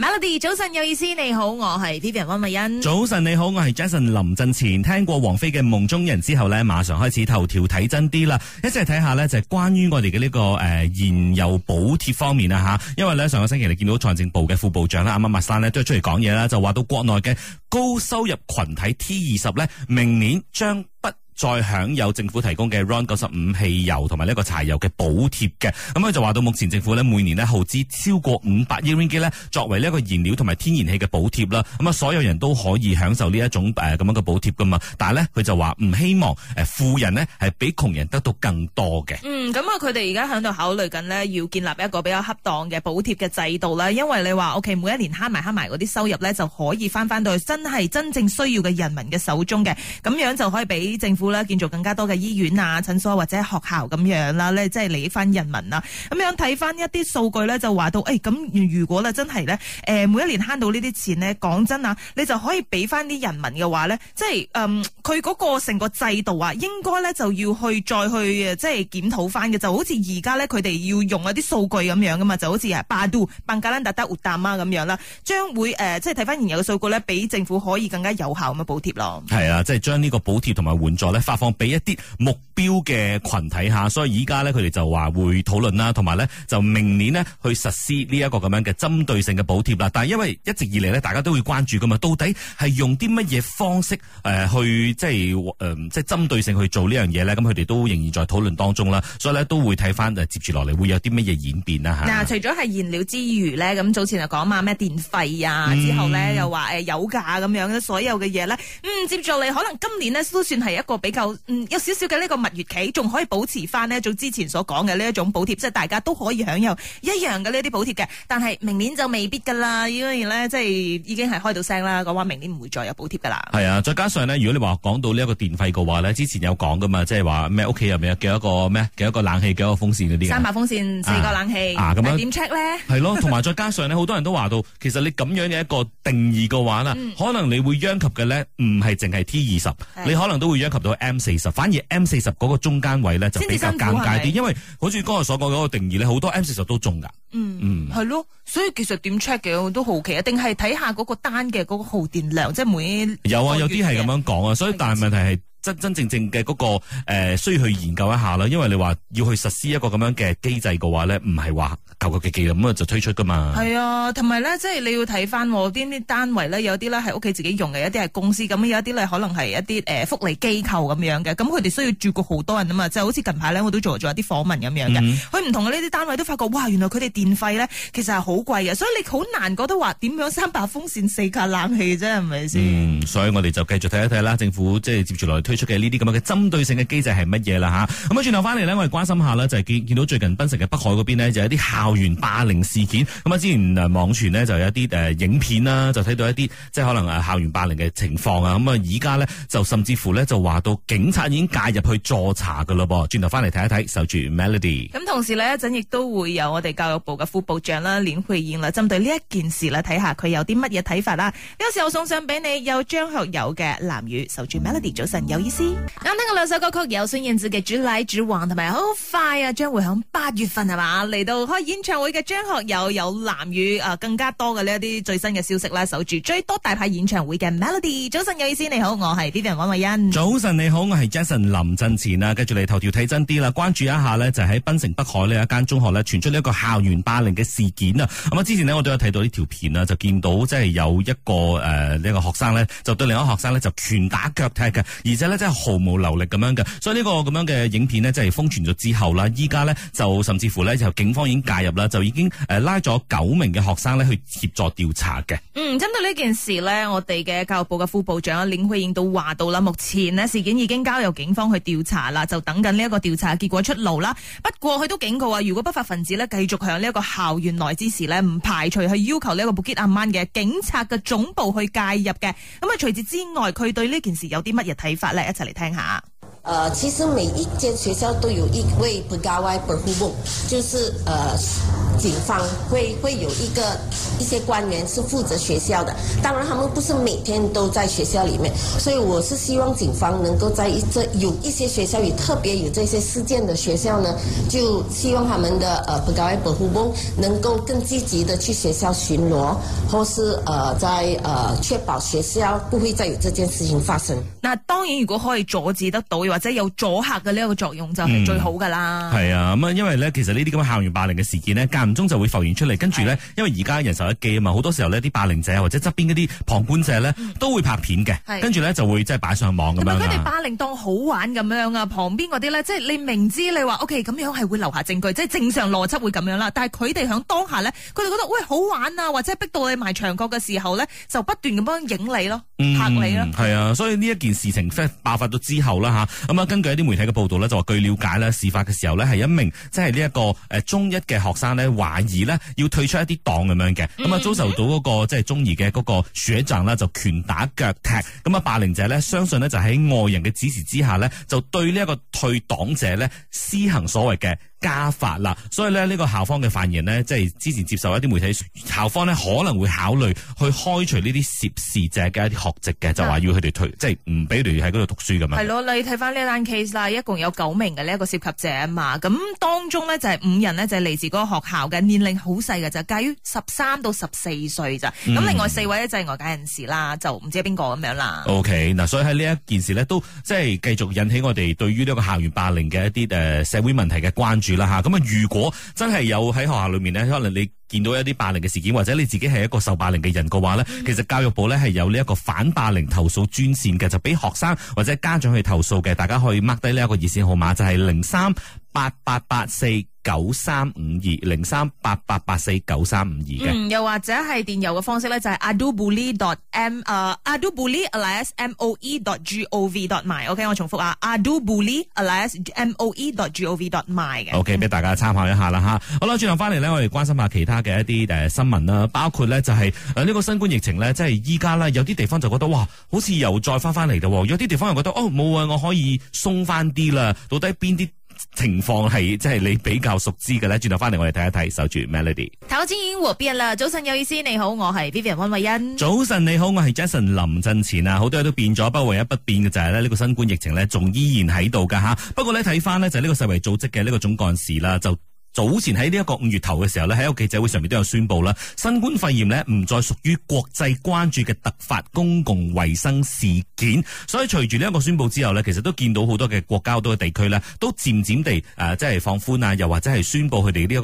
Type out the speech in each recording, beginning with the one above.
Melody，早晨有意思，你好，我係 Vivian 溫美欣。早晨你好，我係 Jason。臨陣前聽過王菲嘅《夢中人》之後呢，馬上開始頭條睇真啲啦。一齊睇下呢，就係、是、關於我哋嘅呢個誒、呃、燃油補貼方面啊吓，因為呢，上個星期你見到財政部嘅副部長啦阿麥麥生呢都係出嚟講嘢啦，就話到國內嘅高收入群體 T 二十呢，明年將不。再享有政府提供嘅 RON 九十五汽油同埋呢個柴油嘅補貼嘅，咁佢就話到目前政府咧每年咧耗資超過五百億蚊機咧，作為呢個燃料同埋天然氣嘅補貼啦。咁啊，所有人都可以享受呢一種誒咁樣嘅補貼噶嘛。但係咧，佢就話唔希望誒富人咧係比窮人得到更多嘅。嗯，咁啊，佢哋而家響度考慮緊咧，要建立一個比較恰當嘅補貼嘅制度啦，因為你話 OK，每一年慳埋慳埋嗰啲收入咧，就可以翻翻到去真係真正需要嘅人民嘅手中嘅，咁樣就可以俾政府。建造更加多嘅醫院啊、診所或者學校咁樣啦，咧即係利益翻人民啦。咁樣睇翻一啲數據咧，就話到，誒、欸，咁如果咧真係咧，誒，每一年慳到呢啲錢呢，講真啊，你就可以俾翻啲人民嘅話咧，即係，嗯，佢嗰個成個制度啊，應該咧就要去再去，即係檢討翻嘅，就好似而家咧，佢哋要用一啲數據咁樣噶嘛，就好似啊巴都、孟加拉特、德活達嘛咁樣啦，將會誒，即係睇翻現有嘅數據咧，俾政府可以更加有效咁樣補貼咯。係啊，即係將呢個補貼同埋援助咧。發放俾一啲目標嘅群體吓，所以依家咧佢哋就話會討論啦，同埋咧就明年呢去實施呢一個咁樣嘅針對性嘅補貼啦。但係因為一直以嚟咧，大家都會關注噶嘛，到底係用啲乜嘢方式誒去，呃，即係誒，呃，即係針對性去做呢樣嘢咧？咁佢哋都仍然在討論當中啦，所以咧都會睇翻接住落嚟會有啲乜嘢演變啦吓。嗱，啊，除咗係燃料之餘咧，咁早前就講話咩電費啊，嗯，之後咧又話誒油價咁樣咧，所有嘅嘢咧，嗯，接住落嚟可能今年呢，都算係一個比。嗯，有少少嘅呢個蜜月期，仲可以保持翻呢一種之前所講嘅呢一種補貼，即係大家都可以享有一樣嘅呢啲補貼嘅。但係明年就未必噶啦，因為咧即係已經係開到聲啦，講話明年唔會再有補貼噶啦。係啊，再加上咧，如果你話講到呢一個電費嘅話咧，之前有講噶嘛，即係話咩屋企入邊有幾多個咩幾多，幾多個冷氣幾多個風扇嗰啲，三百風扇四個冷氣啊咁、啊啊、樣點 check 咧？係咯、啊，同埋 再加上咧，好多人都話到，其實你咁樣嘅一個定義嘅話咧，嗯、可能你會殃及嘅咧，唔係淨係 T 二十的，的你可能都會殃及到。M 四十，反而 M 四十嗰個中間位咧就比較尷尬啲，因為好似剛才所講嗰個定義咧，好多 M 四十都中噶。嗯，嗯，係咯，所以其實點 check 嘅我都好奇啊，定係睇下嗰個單嘅嗰個耗電量，即係每有啊，有啲係咁樣講啊，所以但係問題係。真真正正嘅嗰個需要去研究一下啦。因為你話要去實施一個咁樣嘅機制嘅話咧，唔係話求求吉吉咁啊就推出噶嘛。係啊，同埋咧，即係你要睇翻啲啲單位咧，有啲咧係屋企自己用嘅，有啲係公司咁，有啲咧可能係一啲誒、呃、福利機構咁樣嘅。咁佢哋需要照顧好多人啊嘛，就好似近排咧我都做咗一啲訪問咁樣嘅。佢唔、嗯、同嘅呢啲單位都發覺，哇！原來佢哋電費咧其實係好貴嘅，所以你好難覺得話點樣三把風扇四格冷氣啫，係咪先？所以我哋就繼續睇一睇啦。政府即係接住來，推出嘅呢啲咁嘅針對性嘅機制係乜嘢啦吓，咁啊轉頭翻嚟咧，我哋關心下咧，就係、是、見見到最近檳城嘅北海嗰邊咧，就有啲校園霸凌事件。咁啊之前啊網傳咧就有一啲誒、啊、影片啦，就睇到一啲即係可能誒校園霸凌嘅情況啊。咁啊而家咧就甚至乎咧就話到警察已經介入去助查嘅咯噃。轉頭翻嚟睇一睇，守住 Melody。咁、嗯、同時咧一陣亦都會有我哋教育部嘅副部長啦連佩燕啦，針對呢一件事啦睇下佢有啲乜嘢睇法啦。有時候送上俾你有張學友嘅《藍雨》，守住 Melody，早晨有。意思啱聽個兩首歌曲，有孫燕姿嘅《主禮主黃》同埋好快啊，將會響八月份係咪嚟到開演唱會嘅張學友有藍雨啊，更加多嘅呢一啲最新嘅消息啦，守住最多大牌演唱會嘅 Melody。早晨有意思，你好，我係 Vivian 安慧欣。早晨你好，我係 Jason 林振前啊，跟住嚟頭條睇真啲啦，關注一下呢，就喺、是、檳城北海呢有一間中學呢傳出呢一個校園霸凌嘅事件啊。咁啊，之前呢，我都有睇到呢條片啊，就見到即係、就是、有一個誒呢、呃這個學生呢，就對另一個學生呢，就拳打腳踢嘅，而且。咧真係毫無留力咁樣嘅，所以呢個咁樣嘅影片呢，即係封存咗之後啦。依家呢，就甚至乎呢，就警方已經介入啦，就已經誒拉咗九名嘅學生呢去協助調查嘅。嗯，針對呢件事呢，我哋嘅教育部嘅副部長林慧英都話到啦，目前呢事件已經交由警方去調查啦，就等緊呢一個調查結果出爐啦。不過佢都警告啊，如果不法分子呢繼續向呢一個校園內之時呢，唔排除去要求呢一個武吉阿曼嘅警察嘅總部去介入嘅。咁啊，除此之外，佢對呢件事有啲乜嘢睇法呢？來一齊嚟聽一下。誒、呃，其實每一間學校都有一位 Pagawai Perhubung 就是誒。呃警方會會有一個一些官員是負責學校的，當然他們不是每天都在學校裏面，所以我是希望警方能夠在一些有一些學校裏特別有這些事件的學校呢，就希望他們的呃保高保護工能夠更積極的去學校巡邏，或是呃在呃確保學校不會再有這件事情發生。那當然如果可以阻止得到，或者有阻嚇嘅呢個作用就係最好嘅啦。係、嗯、啊，咁、嗯、啊因為咧其實呢啲咁嘅校園霸凌嘅事件咧，間。中就會浮現出嚟，跟住咧，因為而家人手一機啊嘛，好多時候呢啲霸凌者或者側邊嗰啲旁觀者咧，都會拍片嘅，跟住咧就會即係擺上網咁樣。佢哋霸凌當好玩咁樣啊，旁邊嗰啲咧，即係你明知你話 OK 咁樣係會留下證據，即係正常邏輯會咁樣啦。但係佢哋響當下咧，佢哋覺得喂好玩啊，或者逼到你埋牆角嘅時候咧，就不斷咁樣影你咯，拍你咯。係、嗯、啊，所以呢一件事情即係爆發咗之後啦嚇，咁啊根據一啲媒體嘅報道咧，就話據了解咧，事發嘅時候咧係一名即係呢一個誒中一嘅學生咧。懷疑咧要退出一啲黨咁樣嘅，咁啊、mm hmm. 遭受到嗰、那個即係中意嘅嗰個選站啦，就拳打腳踢，咁啊霸凌者咧，相信咧就喺外人嘅指示之下咧，就對呢一個退黨者咧施行所謂嘅。加法啦，所以咧呢、這個校方嘅發言呢，即係之前接受一啲媒體，校方呢可能會考慮去開除呢啲涉事者嘅一啲學籍嘅，嗯、就話要佢哋退，即係唔俾佢哋喺嗰度讀書咁、嗯、樣。係咯，你睇翻呢一單 case 啦，一共有九名嘅呢一個涉及者啊嘛，咁當中呢，就係五人呢，就係嚟自嗰個學校嘅，年齡好細嘅就介於十三到十四歲咋，咁、嗯、另外四位呢，就係外界人士啦，就唔知係邊個咁樣啦。O K，嗱，okay, 所以喺呢一件事呢，都即係繼續引起我哋對於呢個校園霸凌嘅一啲誒社會問題嘅關注。啦吓，咁啊，如果真係有喺學校裏面呢，可能你見到一啲霸凌嘅事件，或者你自己係一個受霸凌嘅人嘅話呢，嗯、其實教育部呢，係有呢一個反霸凌投訴專線嘅，就俾學生或者家長去投訴嘅，大家可以 mark 低呢一個熱線號碼，就係零三，八八八四九三五二零三八八八四九三五二，嘅，又或者係電郵嘅方式咧，就係 adubuli.m 誒 adubuli.alas.moe.gov.my，OK，我重複啊 adubuli.alas.moe.gov.my，OK，俾大家參考一下啦吓。好啦，轉頭翻嚟咧，我哋關心下其他嘅一啲誒新聞啦，包括咧就係誒呢個新冠疫情咧，即係依家咧有啲地方就覺得哇，好似又再翻翻嚟啦，有啲地方又覺得哦冇啊，我可以鬆翻啲啦，到底邊啲？情況係即係你比較熟知嘅咧，轉頭翻嚟我哋睇一睇守住 Melody。頭先已經和邊日啦，早晨有意思，你好，我係 Vivian 溫慧欣。早晨你好，我係 Jason 林振前啊，好多嘢都變咗，不過唯一不變嘅就係咧，呢個新冠疫情咧仲依然喺度噶吓。不過咧睇翻呢就係呢個世衛組織嘅呢個總幹事啦就。早前喺呢一個五月頭嘅時候呢喺一個記者會上面都有宣布啦，新冠肺炎呢，唔再屬於國際關注嘅突發公共衛生事件。所以隨住呢一個宣布之後呢，其實都見到好多嘅國家好多嘅地區呢，都漸漸地誒即係放寬啊，又或者係宣布佢哋呢一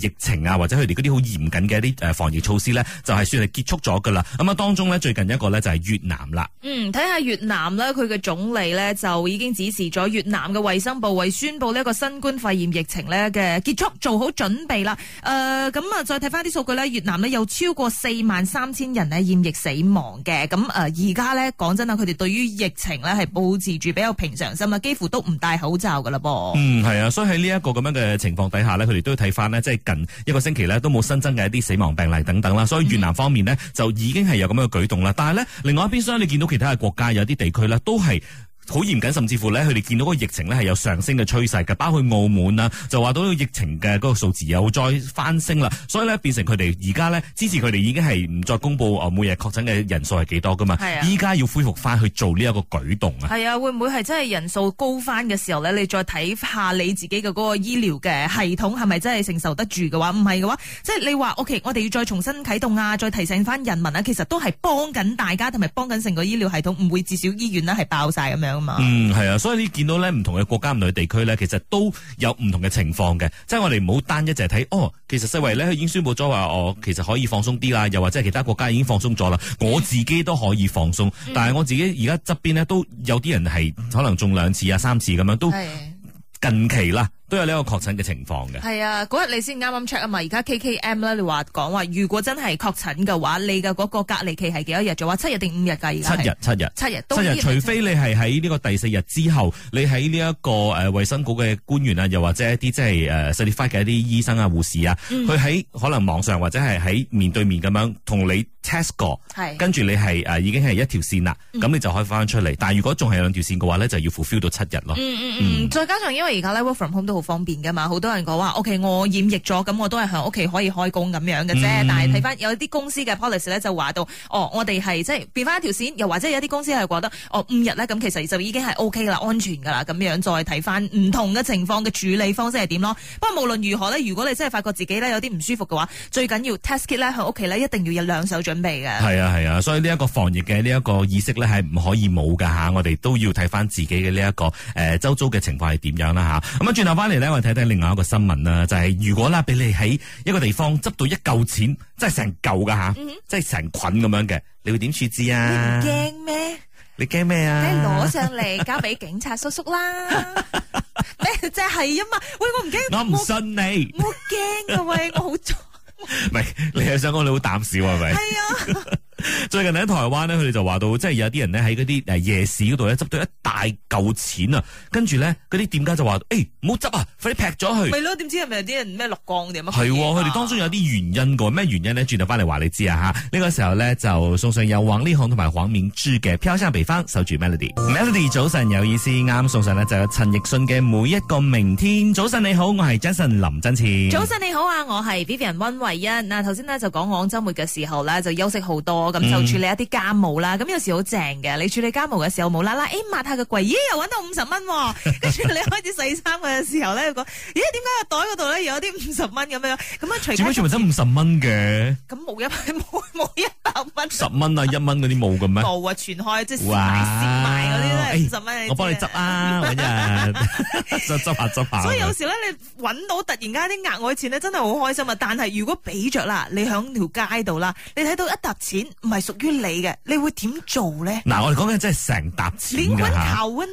個誒疫情啊，或者佢哋嗰啲好嚴謹嘅一啲誒防疫措施呢，就係算係結束咗噶啦。咁啊當中呢，最近一個呢，就係越南啦。嗯，睇下越南呢，佢嘅總理呢，就已經指示咗越南嘅衛生部為宣布呢一個新冠肺炎疫情呢嘅做好準備啦，誒咁啊，再睇翻啲數據咧，越南呢有超過四萬三千人咧染疫死亡嘅，咁誒而家呢，講真啊，佢哋對於疫情呢係保持住比較平常心啊，幾乎都唔戴口罩噶啦噃。嗯，係啊，所以喺呢一個咁樣嘅情況底下呢，佢哋都要睇翻呢。即係近一個星期呢，都冇新增嘅一啲死亡病例等等啦，所以越南方面呢，就已經係有咁樣嘅舉動啦，但係呢，另外一邊廂，你見到其他嘅國家有啲地區呢，都係好嚴謹，甚至乎咧，佢哋見到嗰個疫情咧係有上升嘅趨勢嘅，包括澳門啊，就話到個疫情嘅嗰個數字又再翻升啦，所以咧變成佢哋而家咧支持佢哋已經係唔再公布每日確診嘅人數係幾多噶嘛，依家、啊、要恢復翻去做呢一個舉動啊。係啊，會唔會係真係人數高翻嘅時候咧？你再睇下你自己嘅嗰個醫療嘅系統係咪真係承受得住嘅話？唔係嘅話，即係你話 OK，我哋要再重新啟動啊，再提醒翻人民啊，其實都係幫緊大家同埋幫緊成個醫療系統，唔會至少醫院呢、啊、係爆晒咁樣。嗯，係啊，所以你見到咧，唔同嘅國家唔同嘅地區咧，其實都有唔同嘅情況嘅，即係我哋唔好單一淨係睇哦，其實世衛咧佢已經宣布咗話哦，其實可以放鬆啲啦，又或者其他國家已經放鬆咗啦，我自己都可以放鬆， 嗯、但係我自己而家側邊咧都有啲人係可能中兩次啊三次咁樣，都近期啦。都有呢個確診嘅情況嘅。係啊，嗰日你先啱啱 check 啊嘛，而家 KKM 咧，你話講話如果真係確診嘅話，你嘅嗰個隔離期係幾多日,日？就話七日定五日噶？而家七日，七日，七日，七日，除非你係喺呢個第四日之後，你喺呢一個誒衛生局嘅官員啊，又或者一啲即係誒 certify 嘅一啲醫生啊、護士啊，佢喺、嗯、可能網上或者係喺面對面咁樣同你 test 過，跟住是你係誒、啊、已經係一條線啦，咁、嗯、你就可以翻出嚟。但係如果仲係兩條線嘅話咧，就要 fulfill 到七日咯。嗯嗯嗯，再加上因為而家咧好方便噶嘛？好多人講話，OK，我染疫咗，咁我都係喺屋企可以開工咁樣嘅啫。嗯、但係睇翻有啲公司嘅 policy 咧，就話到哦，我哋係即係變翻一條線，又或者有啲公司係覺得哦，五日咧咁，其實就已經係 OK 啦，安全噶啦，咁樣再睇翻唔同嘅情況嘅處理方式係點咯。不過無論如何呢，如果你真係發覺自己呢有啲唔舒服嘅話，最緊要 test kit 咧喺屋企呢一定要有兩手準備嘅。係啊係啊，所以呢一個防疫嘅呢一個意識呢係唔可以冇噶吓，我哋都要睇翻自己嘅呢一個誒、呃、周遭嘅情況係點樣啦吓。咁啊轉頭翻。翻嚟咧，我哋睇睇另外一個新聞啦，就係、是、如果啦，俾你喺一個地方執到一嚿錢，即係成嚿噶吓，即係成捆咁樣嘅，你會點處置啊？你唔驚咩？你驚咩啊？你攞上嚟交俾警察叔叔啦！即係係啊嘛，喂我唔驚，我唔不信我你， 我驚啊喂，我好唔係你係想講你好膽小係咪？係 啊。 最近喺台灣咧，佢哋就話到，即係有啲人咧喺嗰啲誒夜市嗰度咧執到一大嚿錢啊，跟住咧嗰啲店家就話：誒、欸，唔好執啊，快啲劈咗佢。係咯，點知係咪有啲人咩落光定乜？係，佢哋當中有啲原因嘅，咩原因咧？轉頭翻嚟話你知啊吓。呢、這個時候咧就送上《有黃呢行》同埋《黃面豬》嘅飄香配方，守住 Melody 哇。Melody 早晨有意思，啱送上咧就有陳奕迅嘅每一個明天。早晨你好，我係 Jason 林振詞。早晨你好啊，我係 Vivian 溫慧欣。嗱，頭先呢，就講講周末嘅時候咧就休息好多。咁就、嗯、處理一啲家務啦，咁有時好正嘅。你處理家務嘅時候，冇啦啦，誒、哎，抹下個櫃，咦、哎，又搵到五十蚊，跟住你開始洗衫嘅時候咧，講，咦、哎，點解個袋嗰度咧有啲五十蚊咁樣？咁啊，除咗全部得五十蚊嘅，咁冇一百，冇冇一百蚊，十蚊啊，一蚊嗰啲冇嘅咩？冇啊，全開即係蝕賣嗰啲。哇十蚊，哎、你我幫你執啊，搵日執執下執下。所以有時咧， 你搵到突然間啲額外錢咧，真係好開心啊！但係如果俾着啦，你響條街度啦，你睇到一沓錢唔係屬於你嘅，你會點做咧？嗱、嗯，我哋講緊真係成沓錢噶吓。亂滾頭啊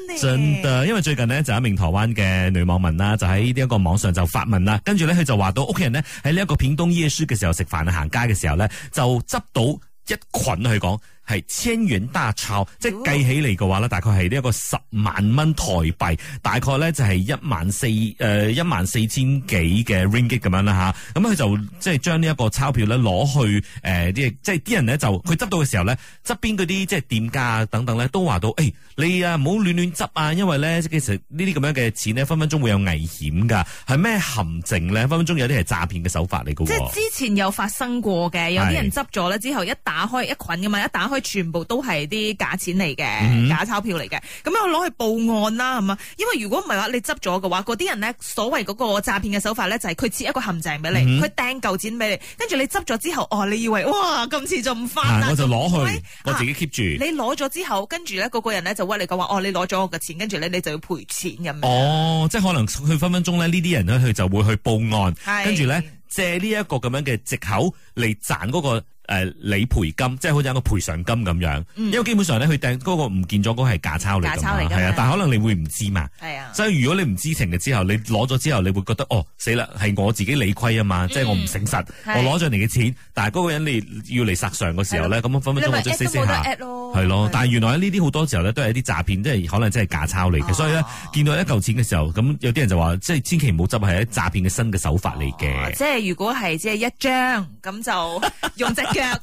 你！因為最近呢，就有、是、一名台灣嘅女網民啦，就喺呢啲一個網上就發問啦，跟住咧佢就話到屋企人咧喺呢一個片東耶書嘅時候食飯行街嘅時候咧就執到一群去講。係千元大鈔，即係計起嚟嘅話咧，大概係呢一個十萬蚊台幣，大概咧就係一萬四誒一萬四千幾嘅 ringgit 咁樣啦吓。咁、啊、佢、嗯、就即係將呢一個鈔票咧攞去誒啲、呃，即係啲人咧就佢執到嘅時候咧，側邊嗰啲即係店家啊等等咧都話到，誒、欸、你啊唔好亂亂執啊，因為咧其實呢啲咁樣嘅錢咧分分鐘會有危險噶。係咩陷阱咧？分分鐘有啲係詐騙嘅手法嚟嘅。即係之前有發生過嘅，是有啲人執咗咧之後一打開一捆噶嘛，一打開，全部都係啲假錢嚟嘅，嗯、假鈔票嚟嘅，咁樣我攞去報案啦，係嘛？因為如果唔係話，你執咗嘅話，嗰啲人咧，所謂嗰個詐騙嘅手法咧，就係佢設一個陷阱俾你，佢掟舊錢俾你，跟住你執咗之後，哦，你以為哇，今次就唔翻啦，我就攞去，啊、我自己 keep 住。你攞咗之後，跟住咧，嗰、嗰個人咧就屈你講話，哦，你攞咗我嘅錢，跟住咧，你就要賠錢咁。哦，即係可能佢分分鐘咧，呢啲人咧，佢就會去報案，跟住咧借呢一個咁樣嘅藉口嚟賺嗰個。誒理賠金，即係好似一個賠償金咁樣，因為基本上呢，佢訂嗰個唔見咗嗰係假鈔嚟㗎嘛，係啊，但係可能你會唔知嘛，係啊，所以如果你唔知情嘅之後，你攞咗之後，你會覺得哦，死啦，係我自己理虧啊嘛，即係我唔誠實，我攞咗人哋嘅錢，但係嗰個人你要嚟殺上嘅時候呢，咁樣分分鐘就死死下，係咯，但係原來呢啲好多時候咧都係一啲詐騙，即係可能真係假鈔嚟嘅，所以咧見到一嚿錢嘅時候，咁有啲人就話，即係千祈唔好執，係一詐騙嘅新嘅手法嚟嘅，即係如果係即係一張咁就用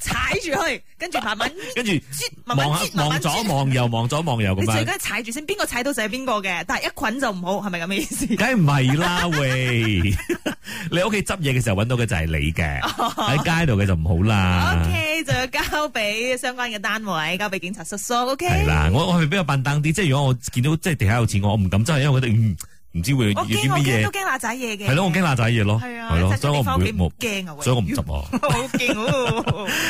踩住 去，跟住著慢慢，跟住望左望右，望左望右咁。你而家踩住先，邊個踩到就係邊個嘅，但係一捆就唔好，係咪咁嘅意思？梗係唔係啦， 喂！ 你屋企執嘢嘅時候揾到嘅就係你嘅，喺、哦、街度嘅就唔好啦。OK，就要交俾相關嘅單位，交俾警察叔叔。OK。係啦，我我係比較笨蛋啲，即係如果我見到即係地下有錢，我唔敢真，真係因為我哋嗯。唔知會怕要啲乜嘢？係咯，我驚爛仔嘢嘅。係啊，係咯對，所以我唔驚，所以我唔執我。好勁哦！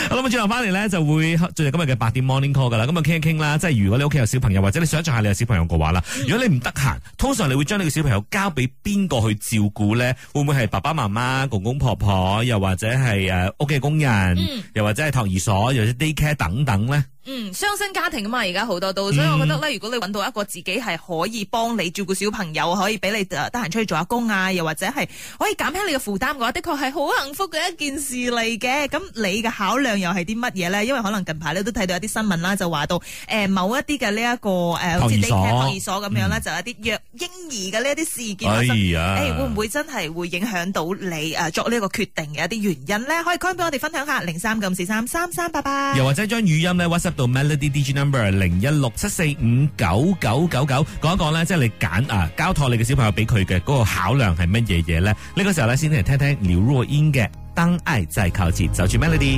咁啊，轉頭翻嚟咧，就會進入今日嘅八點 morning call 噶啦。咁啊，傾一傾啦。即係如果你屋企有小朋友，或者你想象下你有小朋友嘅話啦。如果你唔得閒，嗯、通常你會將你嘅小朋友交俾邊個去照顧咧？會唔會係爸爸媽媽、公公婆婆，又或者係誒屋企工人，嗯、又或者係托兒所，又或者 day care 等等咧？嗯，雙薪家庭啊嘛，而家好多都，所以我覺得咧，如果你揾到一個自己係可以幫你照顧小朋友，可以俾你得閒出去做下工啊，又或者係可以減輕你嘅負擔嘅話，的確係好幸福嘅一件事嚟嘅。咁你嘅考量又係啲乜嘢咧？因為可能近排咧都睇到一啲新聞啦，就話到誒某一啲嘅呢一個誒，好似啲託兒所咁樣咧，就一啲虐嬰兒嘅呢一啲事件，哎呀，誒會唔會真係會影響到你誒作呢個決定嘅一啲原因咧？可以講俾我哋分享下零三九五四三三三八八，又或者將語音到 Melody DJ Number 零一六七四五九九九九，講一講咧，即係你揀啊，交託你嘅小朋友俾佢嘅嗰個考量係乜嘢嘢咧？呢個時候咧，先嚟聽聽廖若英嘅《當愛在靠近》，守住 Melody。